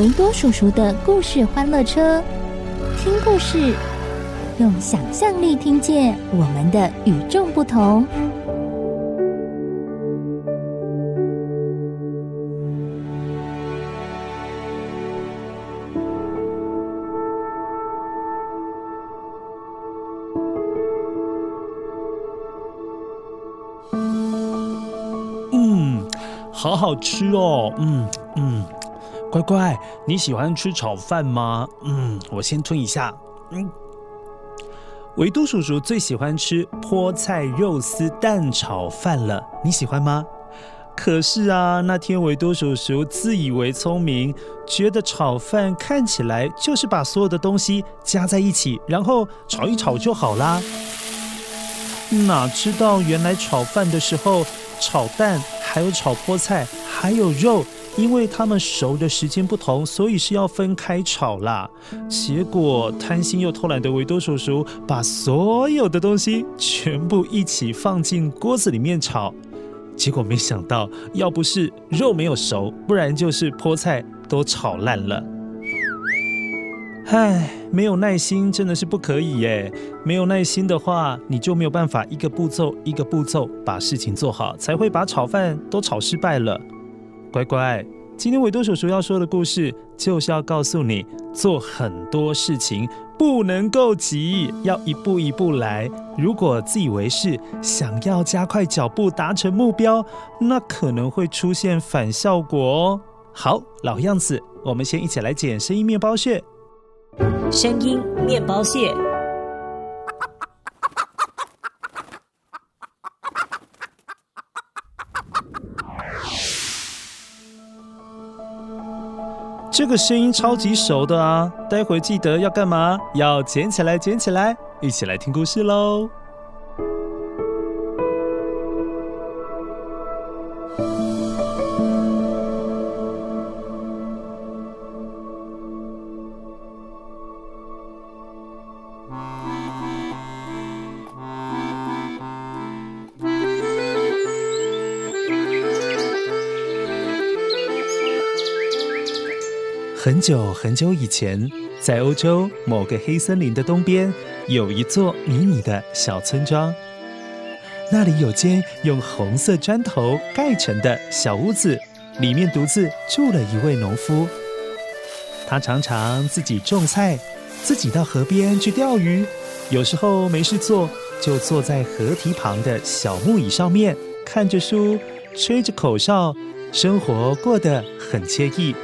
維多叔叔的故事歡樂車，聽故事，用想象力聽見我們的與眾不同。嗯，好好吃哦，嗯嗯。乖乖，你喜歡吃炒飯嗎？嗯，我先吞一下。嗯，維多叔叔最喜歡吃菠菜肉絲蛋炒飯了，你喜歡嗎？可是啊，那天維多叔叔自以為聰明，覺得炒飯看起來就是把所有的東西加在一起，然後炒一炒，就好啦。哪、嗯啊、知道原來炒飯的時候，炒蛋，還有炒菠菜，還有肉。因為他們熟的時間不同，所以是要分開炒啦。結果貪心又偷懶的維多叔叔把所有的東西全部一起放進鍋子裡面炒，結果沒想到，要不是肉沒有熟，不然就是菠菜都炒爛了。唉，沒有耐心真的是不可以耶。沒有耐心的話，你就沒有辦法一個步驟一個步驟把事情做好，才會把炒飯都炒失敗了。乖乖，今天維多叔叔要說的故事就是要告訴你，做很多事情不能夠急，要一步一步來。如果自以為是，想要加快腳步達成目標，那可能會出現反效果哦。好，老樣子，我們先一起來剪聲音麵包屑。聲音麵包屑。這個聲音超級熟的啊！待會記得要幹嘛？要撿起來，撿起來，一起來聽故事嘍。很久很久以前，在歐洲某個黑森林的東邊，有一座迷你的小村莊。那裡有間用紅色磚頭蓋成的小屋子，裡面獨自住了一位農夫。他常常自己種菜，自己到河邊去釣魚。有時候沒事做，就坐在河堤旁的小木椅上面，看着書，吹着口哨，生活過得很愜意。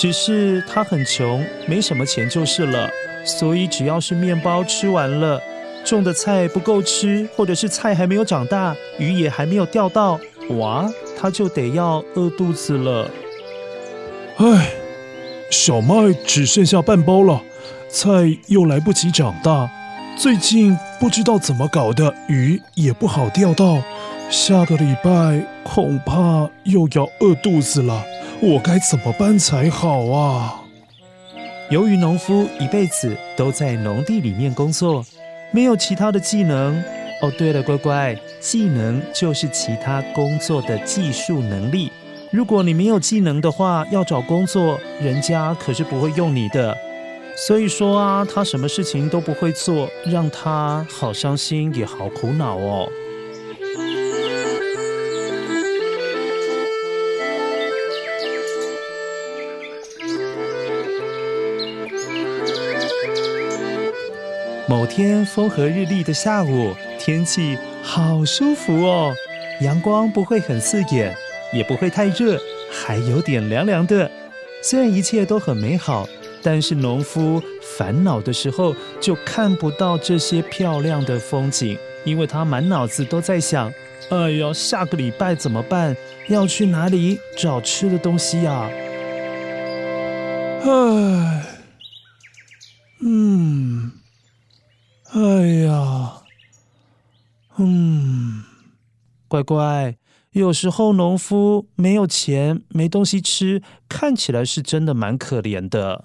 只是他很窮，沒什麼錢就是了。所以只要是麵包吃完了，種的菜不夠吃，或者是菜還沒有長大，魚也還沒有釣到，哇，他就得要餓肚子了。唉，小麥只剩下半包了，菜又來不及長大，最近不知道怎麼搞的，魚也不好釣到，下個禮拜恐怕又要餓肚子了。我該怎麼辦才好啊？由於農夫一輩子都在農地裡面工作，沒有其他的技能。哦，對了，乖乖，技能就是其他工作的技術能力。如果你沒有技能的話，要找工作，人家可是不會用你的。所以說啊，他什麼事情都不會做，讓他好傷心也好苦惱哦。某天風和日麗的下午，天氣好舒服哦，陽光不會很刺眼，也不會太熱，還有點涼涼的。雖然一切都很美好，但是農夫煩惱的時候就看不到這些漂亮的風景，因為他滿腦子都在想：哎呀，下個禮拜怎麼辦？要去哪裡找吃的東西呀、啊？唉，嗯。哎呀，嗯，乖乖，有時候農夫沒有錢，沒東西吃，看起來是真的蠻可憐的。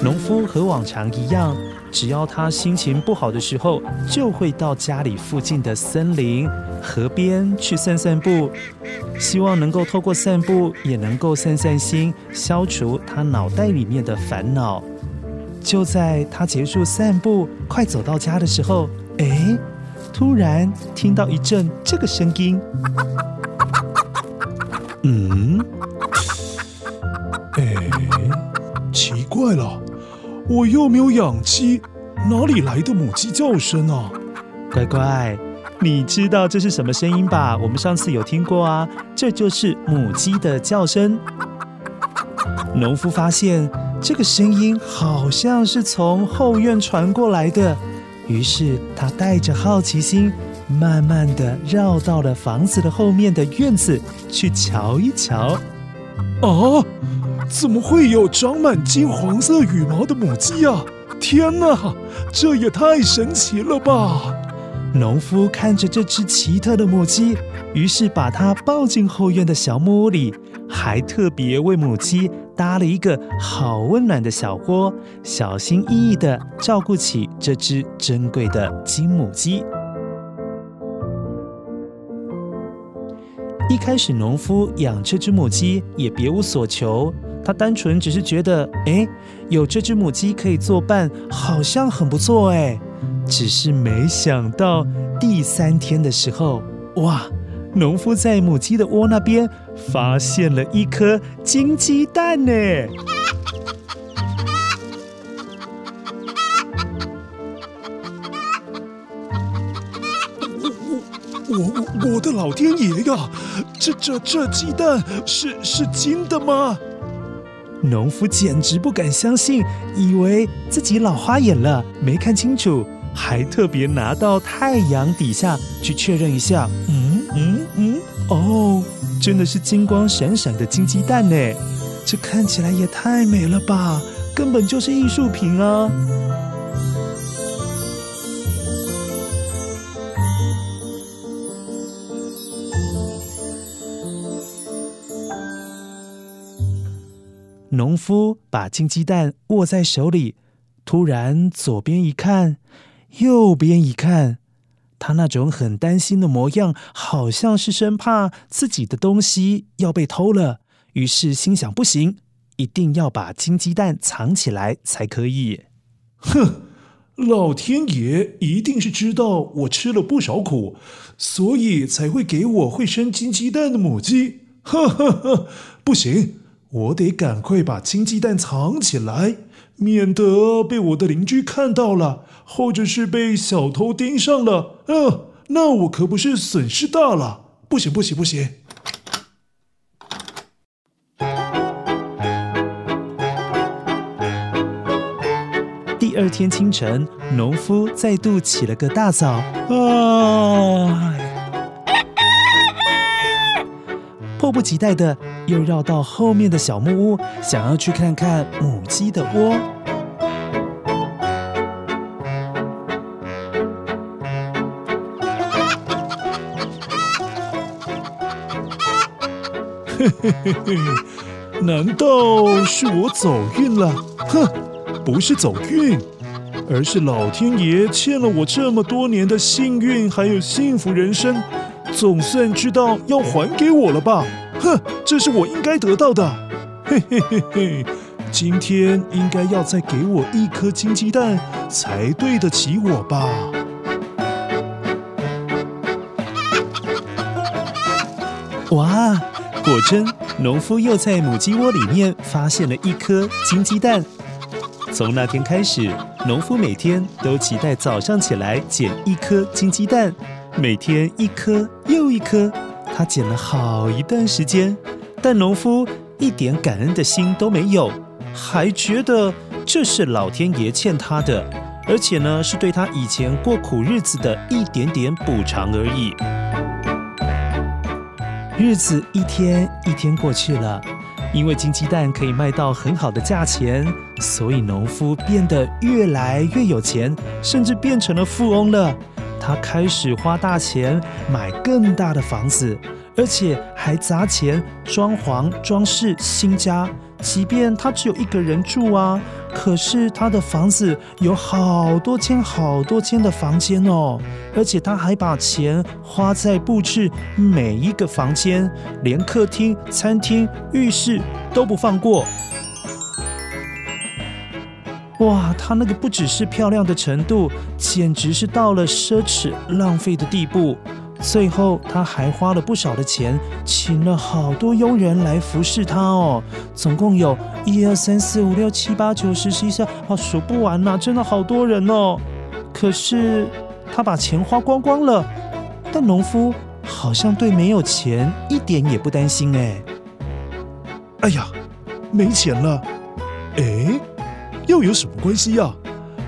農夫和往常一樣。只要他心情不好的時候，就會到家裡附近的森林、河邊去散散步，希望能夠透過散步也能夠散散心，消除他腦袋裡面的煩惱。就在他結束散步、快走到家的時候，哎，突然聽到一陣這個聲音。嗯，欸，哎，奇怪了。我又沒有養雞，哪裡來的母雞叫聲啊？乖乖，你知道這是什麼聲音吧？我們上次有聽過啊，這就是母雞的叫聲。農夫發現這個聲音好像是從後院傳過來的，於是他帶着好奇心，慢慢的繞到了房子的後面的院子去瞧一瞧。哦、啊。怎麼會有長滿金黃色羽毛的母雞啊！天吶，這也太神奇了吧！農夫看着這隻奇特的母雞，於是把它抱進後院的小木屋裡，還特別為母雞搭了一個好溫暖的小窩，小心翼翼的照顧起這隻珍貴的金母雞。一開始，農夫養這隻母雞也別無所求。他單純只是覺得，哎，有這只母雞可以作伴，好像很不錯哎。只是沒想到第三天的時候，哇，農夫在母雞的窩那邊發現了一顆金雞蛋呢！我我我我我的老天爺呀！這這這雞蛋是是金的嗎？農夫簡直不敢相信，以為自己老花眼了，沒看清楚，還特別拿到太陽底下去確認一下。嗯嗯嗯，哦，真的是金光閃閃的金雞蛋呢，這看起來也太美了吧，根本就是藝術品啊！農夫把金雞蛋握在手裡，突然左邊一看，右邊一看，他那種很擔心的模樣，好像是生怕自己的東西要被偷了。於是心想：不行，一定要把金雞蛋藏起來才可以。哼，老天爺一定是知道我吃了不少苦，所以才會給我會生金雞蛋的母雞。呵呵呵，不行。我得趕快把金雞蛋藏起來，免得被我的鄰居看到了，或者是被小偷盯上了。啊，那我可不是損失大了。不行不行不行！第二天清晨，農夫再度起了個大早，啊、哎，迫不及待的。又繞到後面的小木屋，想要去看看母雞的窩。嘿嘿嘿嘿，難道是我走運了？哼，不是走運，而是老天爺欠了我這麼多年的幸運，還有幸福人生，總算知道要還給我了吧？哼，這是我應該得到的。嘿嘿嘿嘿，今天應該要再給我一顆金雞蛋，才對得起我吧。哇，果真，農夫又在母雞窩裡面發現了一顆金雞蛋。從那天開始，農夫每天都期待早上起來撿一顆金雞蛋，每天一顆又一顆。他撿了好一段時間，但農夫一點感恩的心都沒有，還覺得這是老天爺欠他的，而且呢，是對他以前過苦日子的一點點補償而已。日子一天一天過去了，因為金雞蛋可以賣到很好的價錢，所以農夫變得越來越有錢，甚至變成了富翁了。他開始花大錢買更大的房子，而且還砸錢裝潢裝飾新家。即便他只有一個人住啊，可是他的房子有好多間好多間的房間哦，而且他還把錢花在布置每一個房間，連客廳、餐廳、浴室都不放過。哇，他那個不只是漂亮的程度，簡直是到了奢侈浪費的地步。最後，他還花了不少的錢，請了好多佣人來服侍他哦。總共有一二三四五六七八九十十一十二，哦，數不完吶，啊，真的好多人哦。可是，他把錢花光光了，但農夫好像對沒有錢一點也不擔心哎。哎呀，沒錢了，哎。又有什麼關係呀、啊？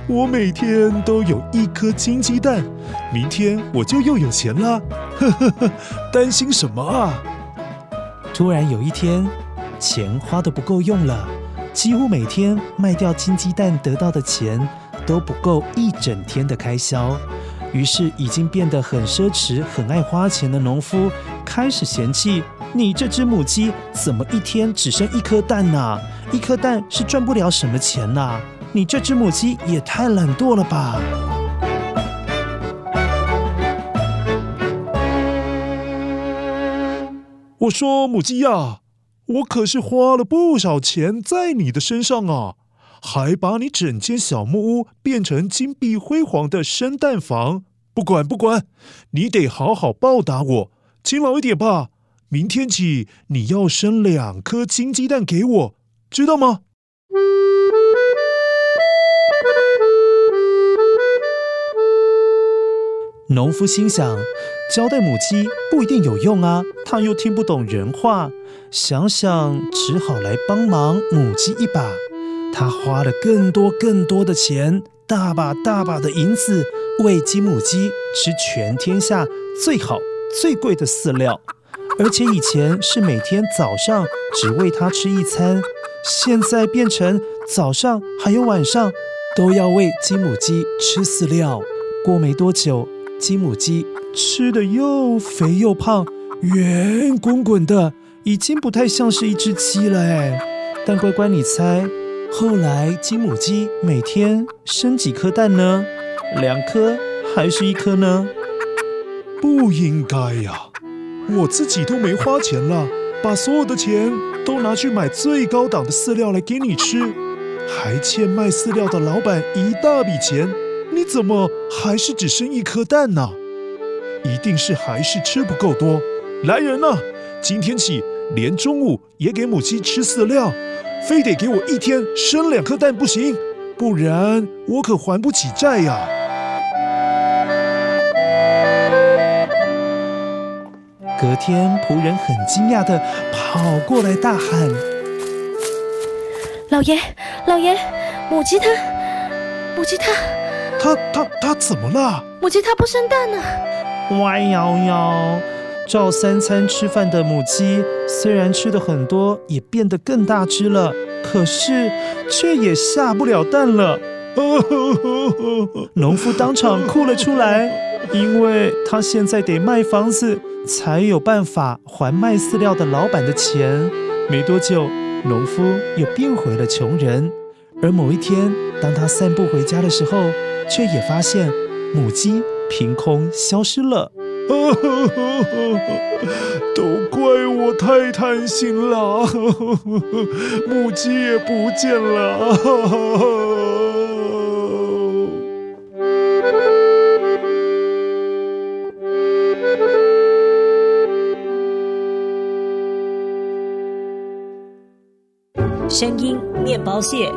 我每天都有一顆金雞蛋，明天我就又有錢了。呵呵呵，擔心什麼啊？突然有一天，錢花得不夠用了，幾乎每天賣掉金雞蛋得到的錢都不夠一整天的開銷。於是，已經變得很奢侈、很愛花錢的農夫開始嫌棄：“你這隻母雞怎麼一天只生一顆蛋呢、啊？”一顆蛋是賺不了什麼錢吶、啊！你這隻母雞也太懶惰了吧！我說母雞呀、啊，我可是花了不少錢在你的身上啊，還把你整間小木屋變成金碧輝煌的生蛋房。不管不管，你得好好報答我，勤勞一點吧！明天起你要生兩顆金雞蛋給我。知道嗎？農夫心想，交代母雞不一定有用啊，他又聽不懂人話。想想，只好來幫忙母雞一把。他花了更多更多的錢，大把大把的銀子，餵雞母雞，吃全天下最好最貴的飼料，而且以前是每天早上只餵它吃一餐。現在變成早上還有晚上都要餵金母雞吃飼料。過沒多久，金母雞吃得又肥又胖，圓滾滾的，已經不太像是一只雞了哎。但乖乖，你猜，後來金母雞每天生幾顆蛋呢？兩顆還是一顆呢？不應該呀、啊，我自己都沒花錢了。把所有的錢都拿去買最高檔的飼料來給你吃，還欠賣飼料的老闆一大筆錢，你怎麼還是只生一顆蛋呢、啊？一定是還是吃不夠多。來人吶、啊，今天起連中午也給母雞吃飼料，非得給我一天生兩顆蛋不行，不然我可還不起債呀、啊。隔天，僕人很驚訝的跑過來大喊：“老爺，老爺，母雞它，母雞它，它它它怎麼了？母雞它不生蛋了啊。”歪搖搖，照三餐吃飯的母雞，雖然吃的很多，也變得更大隻了，可是卻也下不了蛋了。農 夫當場哭了出來。 因為他現在得賣房子，才有辦法還賣飼料的老板的錢。沒多久，農夫又變回了窮人。而某一天，當他散步回家的時候，卻也發現母雞憑空消失了。都怪我太貪心了，母雞也不見了。聲音，麵包屑，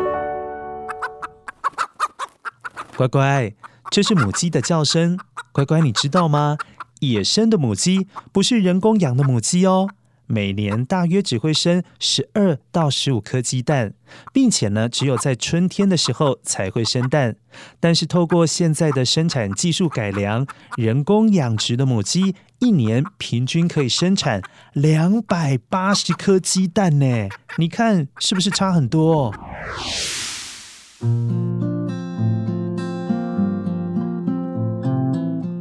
乖乖，這是母雞的叫聲。乖乖，你知道嗎？野生的母雞不是人工養的母雞哦。每年大約只會生十二到十五顆雞蛋，並且呢，只有在春天的時候才會生蛋。但是，透過現在的生產技術改良，人工養殖的母雞一年平均可以生產兩百八十顆雞蛋呢。你看，是不是差很多？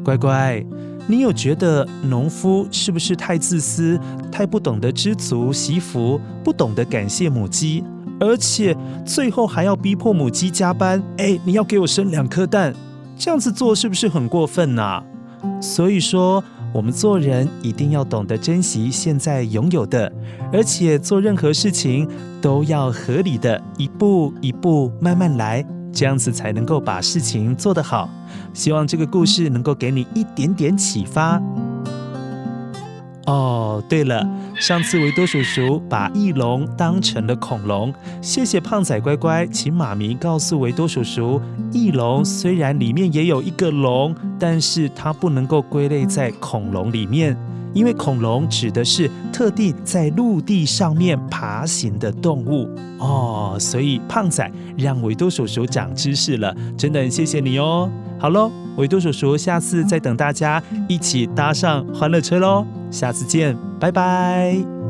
乖乖。你有覺得農夫是不是太自私，太不懂得知足惜福，不懂得感謝母雞，而且最後還要逼迫母雞加班？哎，你要給我生兩顆蛋，這樣子做是不是很過分吶？所以說，我們做人一定要懂得珍惜現在擁有的，而且做任何事情都要合理的，一步一步，慢慢來。這樣子才能夠把事情做得好。希望這個故事能夠給你一點點啟發。哦，對了，上次維多叔叔把翼龍當成了恐龍，謝謝胖仔乖乖，請媽咪告訴維多叔叔，翼龍雖然裡面也有一個龍，但是它不能夠歸類在恐龍裡面，因為恐龍指的是特地在陸地上面爬行的動物哦，所以胖仔讓維多叔叔長知識了，真的很謝謝你哦。好嘍，維多叔叔下次再等大家一起搭上歡樂車嘍，下次見，拜拜。